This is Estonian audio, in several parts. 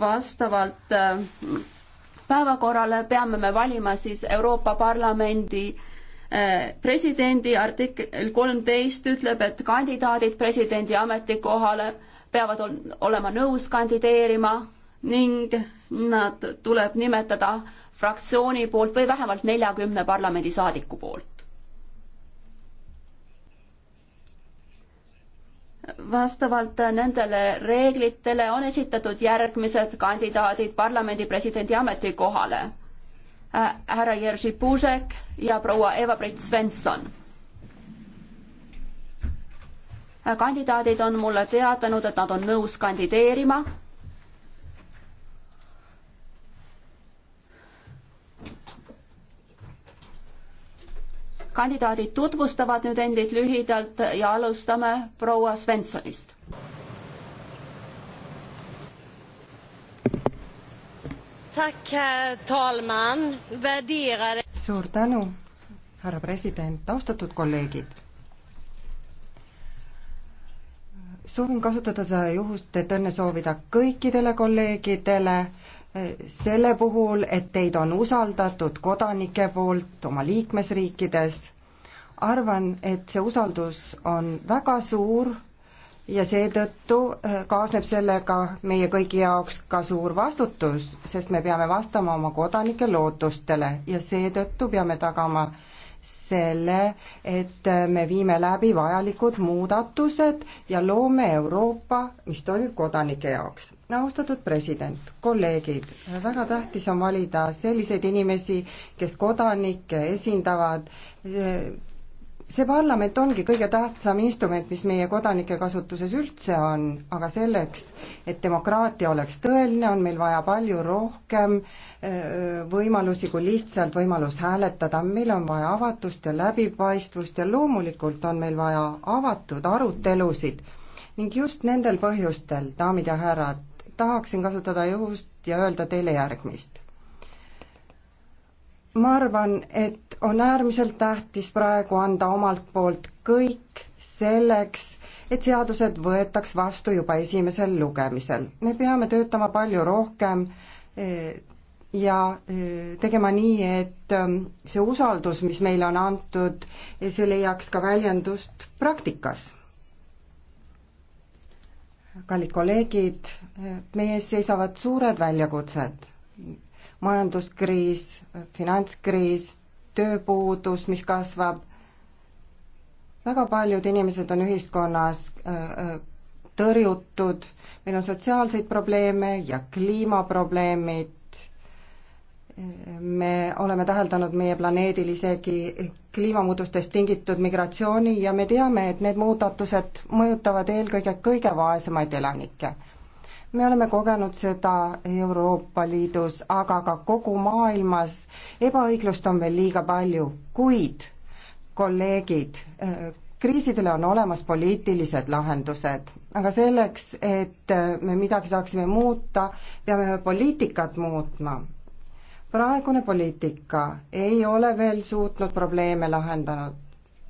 vastavalt äh, päevakorrale peame me valima siis Euroopa Parlamendi äh, presidendi artikkel kolmteist ütleb, et kandidaadid presidendi ametikohale peavad olema nõus kandideerima ning nad tuleb nimetada fraktsiooni poolt või vähemalt neljakümne parlamendisaadiku poolt. vastavalt nendele reeglitele on esitatud järgmised kandidaadid parlamendi presidendi ametikohale. härra Jerzy Buzek ja proua Eva-Britt Svensson. kandidaadid on mulle teatanud, et nad on nõus kandideerima kandidaadid tutvustavad nüüd endid lühidalt ja alustame proua Svenssonist. suur tänu, härra president, austatud kolleegid soovin kasutada seda juhust, et õnne soovida kõikidele kolleegidele, selle puhul, et teid on usaldatud kodanike poolt oma liikmesriikides. arvan, et see usaldus on väga suur ja seetõttu äh, kaasneb sellega meie kõigi jaoks ka suur vastutus, sest me peame vastama oma kodanike lootustele ja seetõttu peame tagama selle, et me viime läbi vajalikud muudatused ja loome Euroopa, mis toimib kodanike jaoks. austatud president, kolleegid, väga tähtis on valida selliseid inimesi, kes kodanikke esindavad, see parlament ongi kõige tähtsam instrument, mis meie kodanike kasutuses üldse on, aga selleks, et demokraatia oleks tõeline, on meil vaja palju rohkem äh, võimalusi kui lihtsalt võimalust hääletada, meil on vaja avatust ja läbipaistvust ja loomulikult on meil vaja avatud arutelusid. ning just nendel põhjustel, daamid ja härrad, tahaksin kasutada juhust ja öelda teile järgmist. ma arvan, et on äärmiselt tähtis praegu anda omalt poolt kõik selleks, et seadused võetaks vastu juba esimesel lugemisel. me peame töötama palju rohkem eh, ja eh, tegema nii, et eh, see usaldus, mis meile on antud, see leiaks ka väljendust praktikas. kallid kolleegid, meie ees seisavad suured väljakutsed. majanduskriis, finantskriis tööpuudus, mis kasvab. väga paljud inimesed on ühiskonnas äh, äh, tõrjutud, meil on sotsiaalseid probleeme ja kliimaprobleemid. me oleme täheldanud meie planeedil isegi kliimamuutustest tingitud migratsiooni ja me teame, et need muudatused mõjutavad eelkõige kõige vaesemaid elanikke me oleme kogenud seda Euroopa Liidus, aga ka kogu maailmas. ebaõiglust on veel liiga palju, kuid kolleegid, eh, kriisidele on olemas poliitilised lahendused, aga selleks, et eh, me midagi saaksime muuta, peame me poliitikat muutma. praegune poliitika ei ole veel suutnud probleeme lahendanud,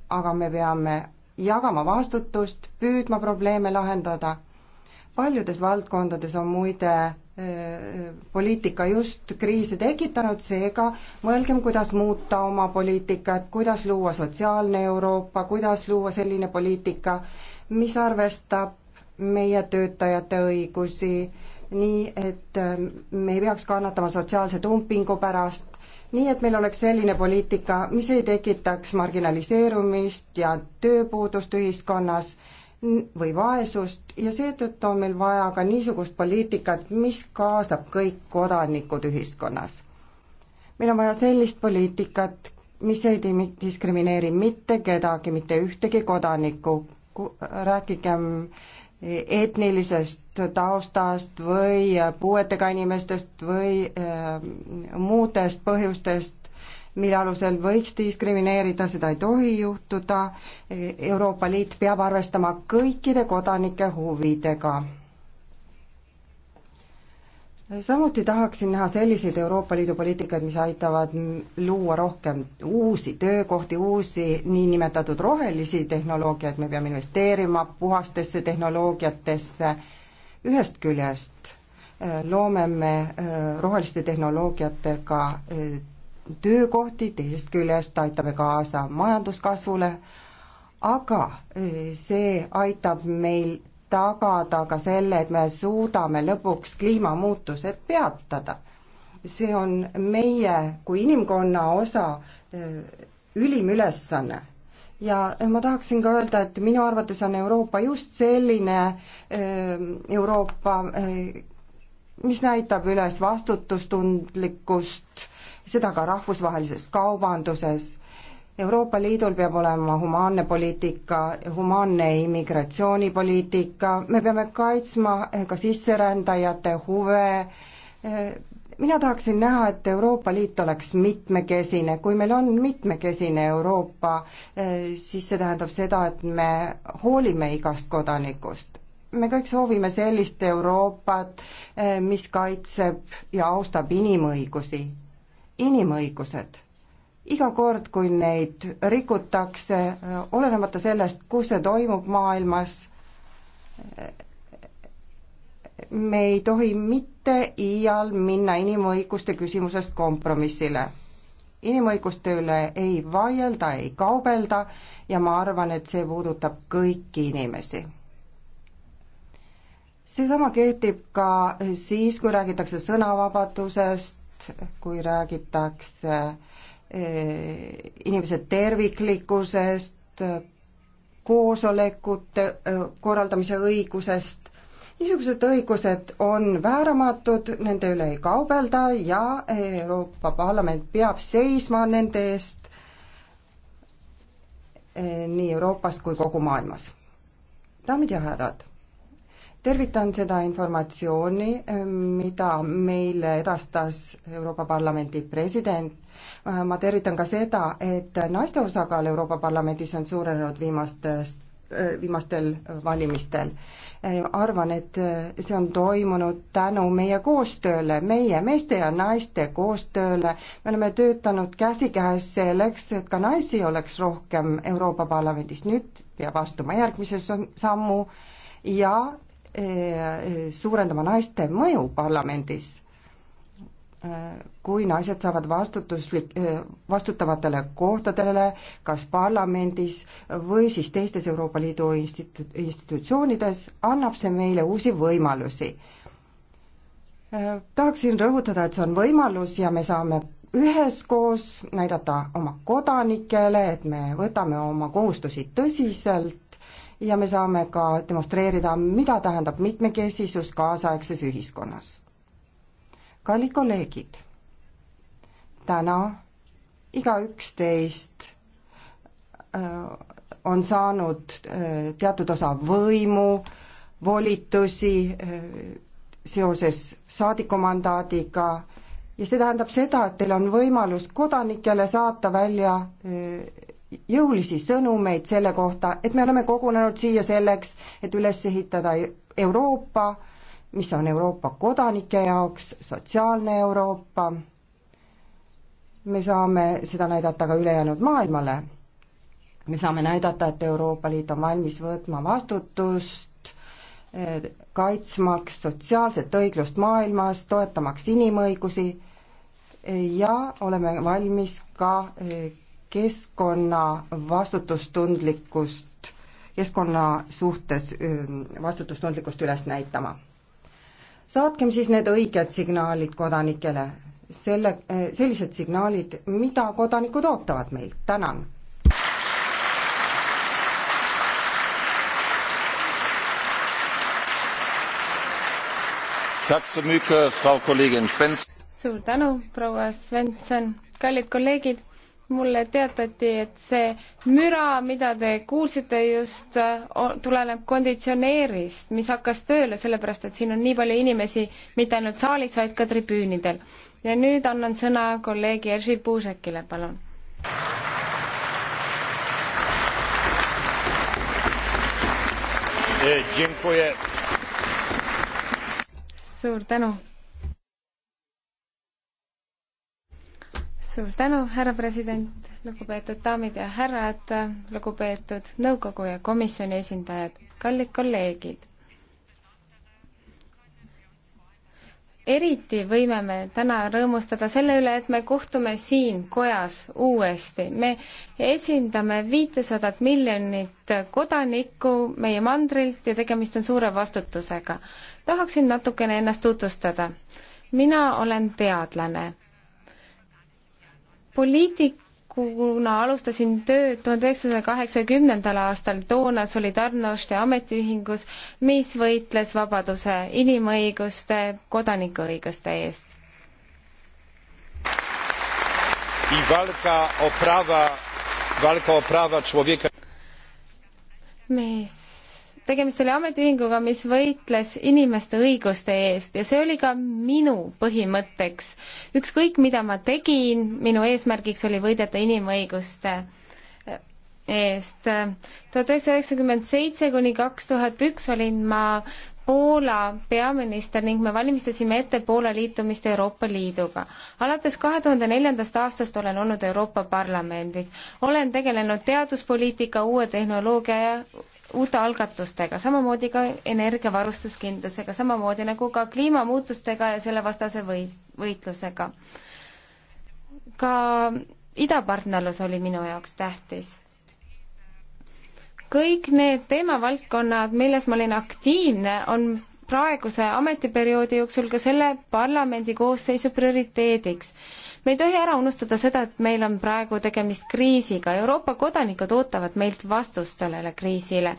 aga me peame jagama vastutust, püüdma probleeme lahendada paljudes valdkondades on muide äh, äh, poliitika just kriise tekitanud, seega mõelgem, kuidas muuta oma poliitikat, kuidas luua sotsiaalne Euroopa, kuidas luua selline poliitika, mis arvestab meie töötajate õigusi, nii et äh, me ei peaks kannatama sotsiaalse dumpingu pärast, nii et meil oleks selline poliitika, mis ei tekitaks marginaliseerumist ja tööpuudust ühiskonnas või vaesust ja seetõttu on meil vaja ka niisugust poliitikat, mis kaasab kõik kodanikud ühiskonnas. meil on vaja sellist poliitikat, mis ei diskrimineeri mitte kedagi, mitte ühtegi kodanikku, rääkigem etnilisest taustast või puuetega inimestest või äh, muudest põhjustest, mille alusel võiks diskrimineerida, seda ei tohi juhtuda. Euroopa Liit peab arvestama kõikide kodanike huvidega. samuti tahaksin näha selliseid Euroopa Liidu poliitikaid, mis aitavad luua rohkem uusi töökohti, uusi niinimetatud rohelisi tehnoloogiaid, me peame investeerima puhastesse tehnoloogiatesse ühest küljest eh, loome me eh, roheliste tehnoloogiatega eh, töökohti, teisest küljest aitame kaasa majanduskasvule, aga eh, see aitab meil tagada ka selle, et me suudame lõpuks kliimamuutused peatada. see on meie kui inimkonna osa eh, ülim ülesanne ja ma tahaksin ka öelda, et minu arvates on Euroopa just selline eh, Euroopa, mis näitab üles vastutustundlikkust, seda ka rahvusvahelises kaubanduses. Euroopa Liidul peab olema humaanne poliitika, humaanne immigratsioonipoliitika, me peame kaitsma ka sisserändajate huve, mina tahaksin näha, et Euroopa Liit oleks mitmekesine, kui meil on mitmekesine Euroopa, siis see tähendab seda, et me hoolime igast kodanikust. me kõik soovime sellist Euroopat, mis kaitseb ja austab inimõigusi inimõigused. iga kord, kui neid rikutakse, olenemata sellest, kus see toimub maailmas, me ei tohi mitte iial minna inimõiguste küsimusest kompromissile. inimõiguste üle ei vaielda, ei kaubelda ja ma arvan, et see puudutab kõiki inimesi seesama kehtib ka siis, kui räägitakse sõnavabadusest, kui räägitakse eh, inimese terviklikkusest, koosolekute eh, korraldamise õigusest, niisugused õigused on vääramatud, nende üle ei kaubelda ja eh, Euroopa Parlament peab seisma nende eest nii Euroopas kui kogu maailmas. daamid ja härrad tervitan seda informatsiooni, mida meile edastas Euroopa Parlamendi president. ma tervitan ka seda, et naiste osakaal Euroopa Parlamendis on suurenenud viimastest viimastel valimistel. arvan, et see on toimunud tänu meie koostööle, meie meeste ja naiste koostööle. me oleme töötanud käsikäes selleks, et ka naisi oleks rohkem Euroopa Parlamendis. nüüd peab astuma järgmise sammu ja Eh, suurendama naiste mõju parlamendis. kui naised saavad vastutuslik, eh, vastutavatele kohtadele, kas parlamendis või siis teistes Euroopa Liidu institu-, institutsioonides, annab see meile uusi võimalusi. Eh, tahaksin rõhutada, et see on võimalus ja me saame üheskoos näidata oma kodanikele, et me võtame oma kohustusi tõsiselt ja me saame ka demonstreerida, mida tähendab mitmekesisus kaasaegses ühiskonnas. kallid kolleegid, täna igaüks teist äh, on saanud äh, teatud osa võimu, volitusi äh, seoses saadikumandaadiga ja see tähendab seda, et teil on võimalus kodanikele saata välja jõulisi sõnumeid selle kohta, et me oleme kogunenud siia selleks, et üles ehitada Euroopa, mis on Euroopa kodanike jaoks, sotsiaalne Euroopa, me saame seda näidata ka ülejäänud maailmale. me saame näidata, et Euroopa Liit on valmis võtma vastutust eh, kaitsmaks sotsiaalset õiglust maailmas, toetamaks inimõigusi eh, ja oleme valmis ka eh, keskkonna vastutustundlikkust, keskkonna suhtes ähm, vastutustundlikkust üles näitama. saatkem siis need õiged signaalid kodanikele, selle, äh, sellised signaalid, mida kodanikud ootavad meilt, tänan. suur tänu, proua Svensson, kallid kolleegid mulle teatati, et see müra, mida te kuulsite just, tuleneb konditsioneerist, mis hakkas tööle, sellepärast et siin on nii palju inimesi mitte ainult saalis, vaid ka tribüünidel. ja nüüd annan sõna kolleeg Jerzy Puusekile, palun. Eh, suur tänu suur tänu, härra president, lugupeetud daamid ja härrad, lugupeetud nõukogu ja komisjoni esindajad, kallid kolleegid. eriti võime me täna rõõmustada selle üle, et me kohtume siin kojas uuesti. me esindame viitesadat miljonit kodanikku meie mandrilt ja tegemist on suure vastutusega. tahaksin natukene ennast tutvustada. mina olen teadlane poliitikuna alustasin tööd tuhande üheksasaja kaheksakümnendal aastal, toona Solidarnosti ametiühingus, mis võitles vabaduse, inimõiguste, kodanikuõiguste eest. me tegemist oli ametiühinguga, mis võitles inimeste õiguste eest ja see oli ka minu põhimõtteks. ükskõik, mida ma tegin, minu eesmärgiks oli võidelda inimõiguste äh, eest. tuhat üheksasada üheksakümmend seitse kuni kaks tuhat üks olin ma Poola peaminister ning me valmistasime ette Poola liitumist Euroopa Liiduga. alates kahe tuhande neljandast aastast olen olnud Euroopa Parlamendis. olen tegelenud teaduspoliitika, uue tehnoloogia ja uute algatustega, samamoodi ka energiavarustuskindlusega, samamoodi nagu ka kliimamuutustega ja selle vastase või-, võitlusega. ka idapartnerlus oli minu jaoks tähtis. kõik need teemavaldkonnad, milles ma olin aktiivne, on praeguse ametiperioodi jooksul ka selle parlamendi koosseisu prioriteediks. me ei tohi ära unustada seda, et meil on praegu tegemist kriisiga, Euroopa kodanikud ootavad meilt vastust sellele kriisile.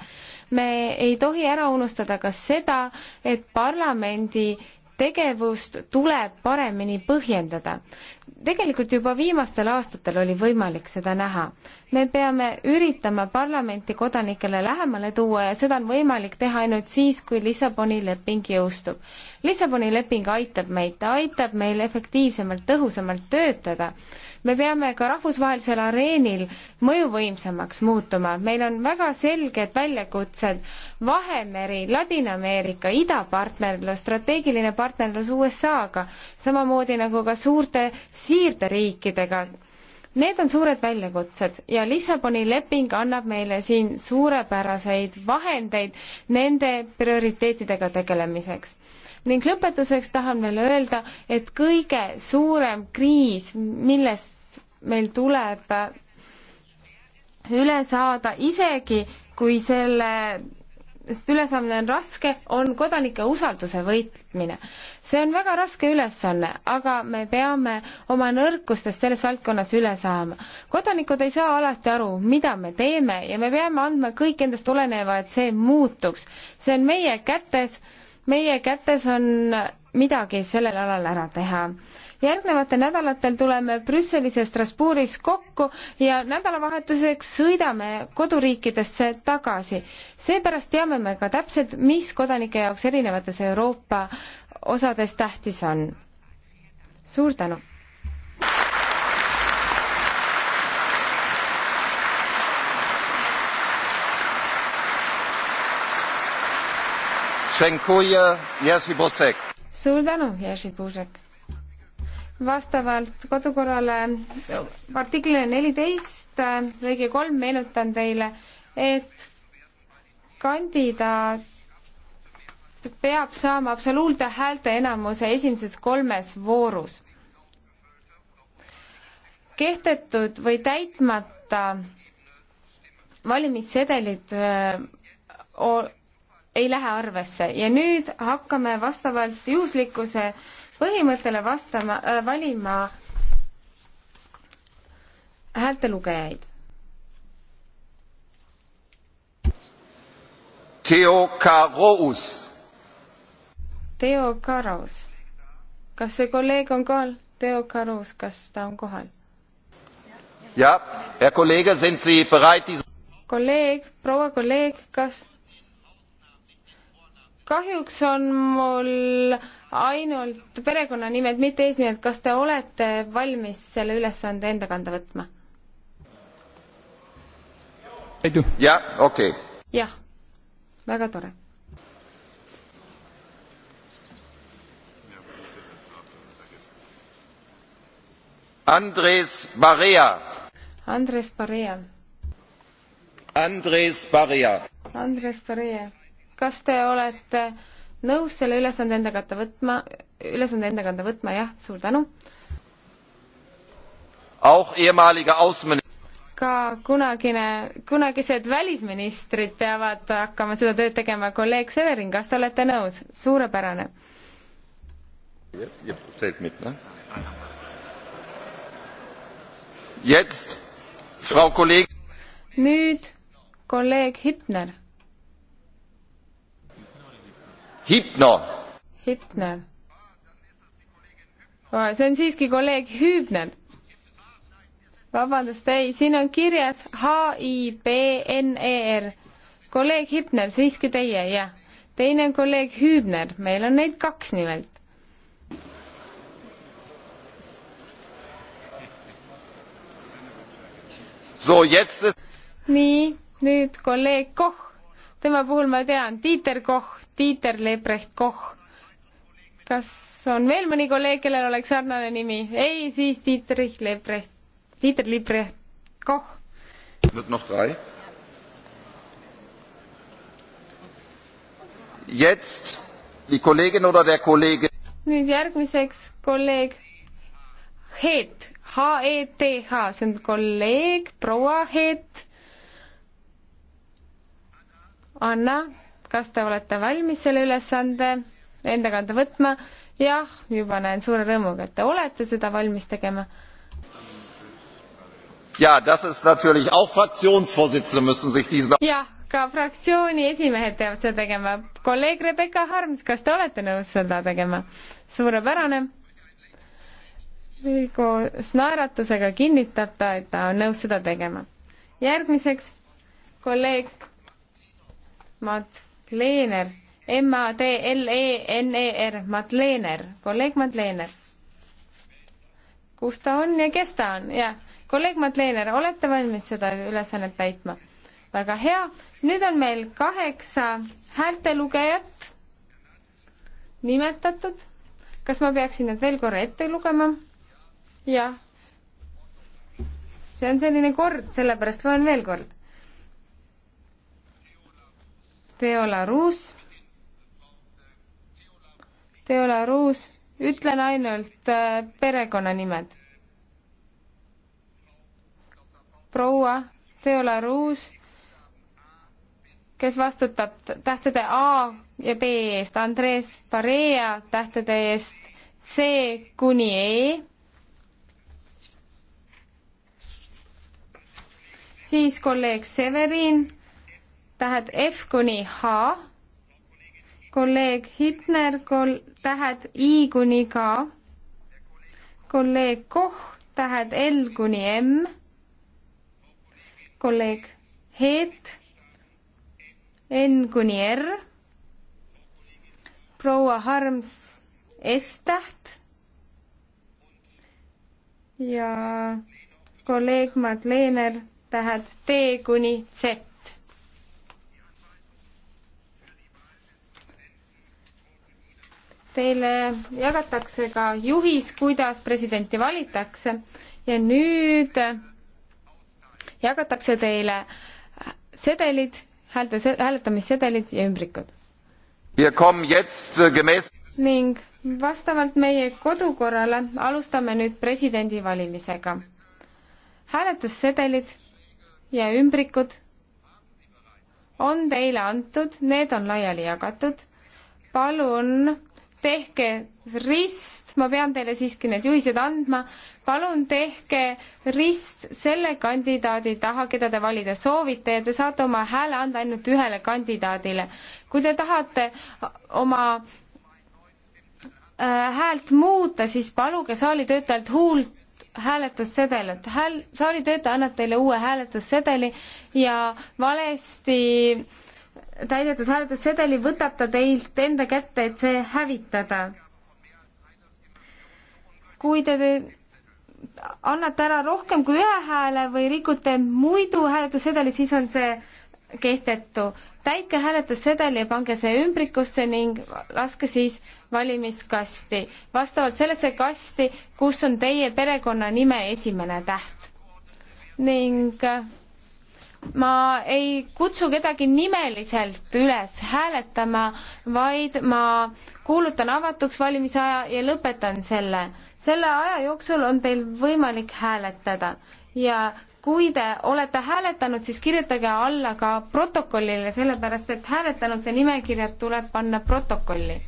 me ei tohi ära unustada ka seda, et parlamendi tegevust tuleb paremini põhjendada tegelikult juba viimastel aastatel oli võimalik seda näha. me peame üritama parlamenti kodanikele lähemale tuua ja seda on võimalik teha ainult siis, kui Lissaboni leping jõustub. Lissaboni leping aitab meid, ta aitab meil efektiivsemalt, tõhusamalt töötada me peame ka rahvusvahelisel areenil mõjuvõimsamaks muutuma. meil on väga selged väljakutsed Vahemeri, Ladina-Ameerika, idapartnerlus, strateegiline partnerlus USA-ga, samamoodi nagu ka suurte siirderiikidega Need on suured väljakutsed ja Lissaboni leping annab meile siin suurepäraseid vahendeid nende prioriteetidega tegelemiseks ning lõpetuseks tahan veel öelda, et kõige suurem kriis, millest meil tuleb üle saada, isegi kui selle sest ülesanne on raske, on kodanike usalduse võitmine. see on väga raske ülesanne, aga me peame oma nõrkustest selles valdkonnas üle saama. kodanikud ei saa alati aru, mida me teeme ja me peame andma kõik endast olenevad, see muutuks. see on meie kätes meie kätes on midagi sellel alal ära teha. järgnevatel nädalatel tuleme Brüsselis ja Strasbourgis kokku ja nädalavahetuseks sõidame koduriikidesse tagasi. seepärast teame me ka täpselt, mis kodanike jaoks erinevates Euroopa osades tähtis on. suur tänu! suur tänu, Jerzy Buzek. vastavalt kodukorrale artiklile neliteist lõige kolm meenutan teile, et kandidaat peab saama absoluutne häälteenamuse esimeses kolmes voorus. kehtetud või täitmata valimissedelid äh, ei lähe arvesse ja nüüd hakkame vastavalt juhuslikkuse põhimõttele vastama äh,, valima häältelugejaid. Theo Karous. Theo Karous. kas see kolleeg on kohal? Theo Karous, kas ta on kohal? jah, ja kolleeg, sind see bereit? kolleeg, proua kolleeg, kas kahjuks on mul ainult perekonnanimed, mitte eesnimed. kas te olete valmis selle ülesande enda kanda võtma? jah, okei okay.. jah, väga tore. Andres Barea. Andres Barea. Andres Barea. Andres Barea kas te olete nõus selle ülesande enda kätte võtma, ülesande enda kanda võtma, jah, suur tänu. ka kunagine, kunagised välisministrid peavad hakkama seda tööd tegema, kolleeg Severin, kas te olete nõus? suurepärane. nüüd kolleeg Hübner Hipno. Hipne. see on siiski kolleeg Hüübner. vabandust, ei, siin on kirjas H-I-B-N-E-R. kolleeg Hipner, siiski teie, jah. teine on kolleeg Hüübner, meil on neid kaks nimelt. nii, nüüd kolleeg Koch tema puhul ma tean Tiiter Koch, Tiiter Lebrecht Koch. kas on veel mõni kolleeg, kellel oleks sarnane nimi? ei, siis Tiiter Lebrecht, Tiiter Lebrecht Koch. Wird noch drei? Jetzt die Kollegin oder der Kollege. nüüd järgmiseks kolleeg Heet, H-E-T-H, e see on kolleeg proua Heet Anna, kas te olete valmis selle ülesande enda kanda võtma? jah, juba näen suure rõõmuga, et te olete seda valmis tegema. Ja, das ist natürlich auch Fraktionsvorsitzende müssen sich diesen jah, ka fraktsiooni esimehed peavad seda tegema. kolleeg Rebecca Harms, kas te olete nõus seda tegema? suurepärane. koos naeratusega kinnitab ta, et ta on nõus seda tegema. järgmiseks kolleeg Madlener, M-A-D-L-E-N-E-R, e e Madlener, kolleeg Madlener. kus ta on ja kes ta on, jah. kolleeg Madlener, olete valmis seda ülesannet täitma? väga hea, nüüd on meil kaheksa häältelugejat nimetatud. kas ma peaksin nad veel korra ette lugema? jah. see on selline kord, sellepärast loen veel kord Teola Ruus. Teola Ruus, ütlen ainult äh, perekonnanimed. proua Teola Ruus, kes vastutab tähtede A ja B eest, Andres Parea tähtede eest C kuni E. siis kolleeg Severin tähed F kuni H, kolleeg Hipner kol-, tähed I kuni K, kolleeg Koh, tähed L kuni M, kolleeg Heet, N kuni R, proua Harms S-täht ja kolleeg Madlener tähed T kuni Z Teile jagatakse ka juhis, kuidas presidenti valitakse ja nüüd jagatakse teile sedelid, häälte, hääletamissedelid ja ümbrikud. Äh, ning vastavalt meie kodukorrale alustame nüüd presidendi valimisega. hääletussedelid ja ümbrikud on teile antud, need on laiali jagatud. palun tehke rist, ma pean teile siiski need juhised andma, palun tehke rist selle kandidaadi taha, keda te valida soovite ja te saate oma hääle anda ainult ühele kandidaadile. kui te tahate oma äh, häält muuta, siis paluge saalitöötajalt huult hääletussedelit. hääl, saalitöötaja annab teile uue hääletussedeli ja valesti äh, täidetud hääletussedeli, võtab ta teilt enda kätte, et see hävitada. kui te annate ära rohkem kui ühe hääle või rikute muidu hääletussedelit, siis on see kehtetu. täitke hääletussedel ja pange see ümbrikusse ning laske siis valimiskasti, vastavalt sellesse kasti, kus on teie perekonnanime esimene täht. ning ma ei kutsu kedagi nimeliselt üles hääletama, vaid ma kuulutan avatuks valimisaja ja lõpetan selle. selle aja jooksul on teil võimalik hääletada ja kui te olete hääletanud, siis kirjutage alla ka protokollile, sellepärast et hääletanute nimekirjad tuleb panna protokolli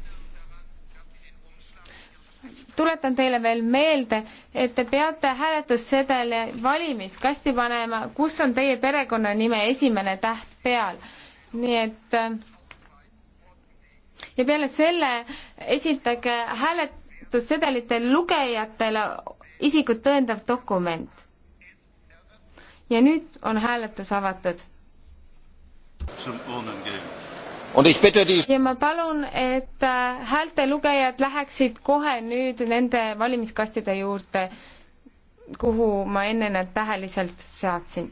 tuletan teile veel meelde, et te peate hääletussedele valimiskasti panema, kus on teie perekonnanime esimene täht peal. nii et ja peale selle esitage hääletussedelite lugejatele isikut tõendav dokument. ja nüüd on hääletus avatud. zum Urnengehen ja ma palun, et äh, häältelugejad läheksid kohe nüüd nende valimiskastide juurde, kuhu ma enne nad täheliselt seadsin.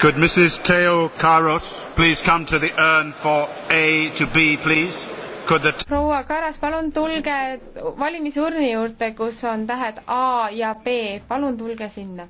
Could Mrs. Teo Karos please come to the urn for A to B, please? Could the proua Karas, palun tulge valimisurni juurde, kus on tähed A ja B, palun tulge sinna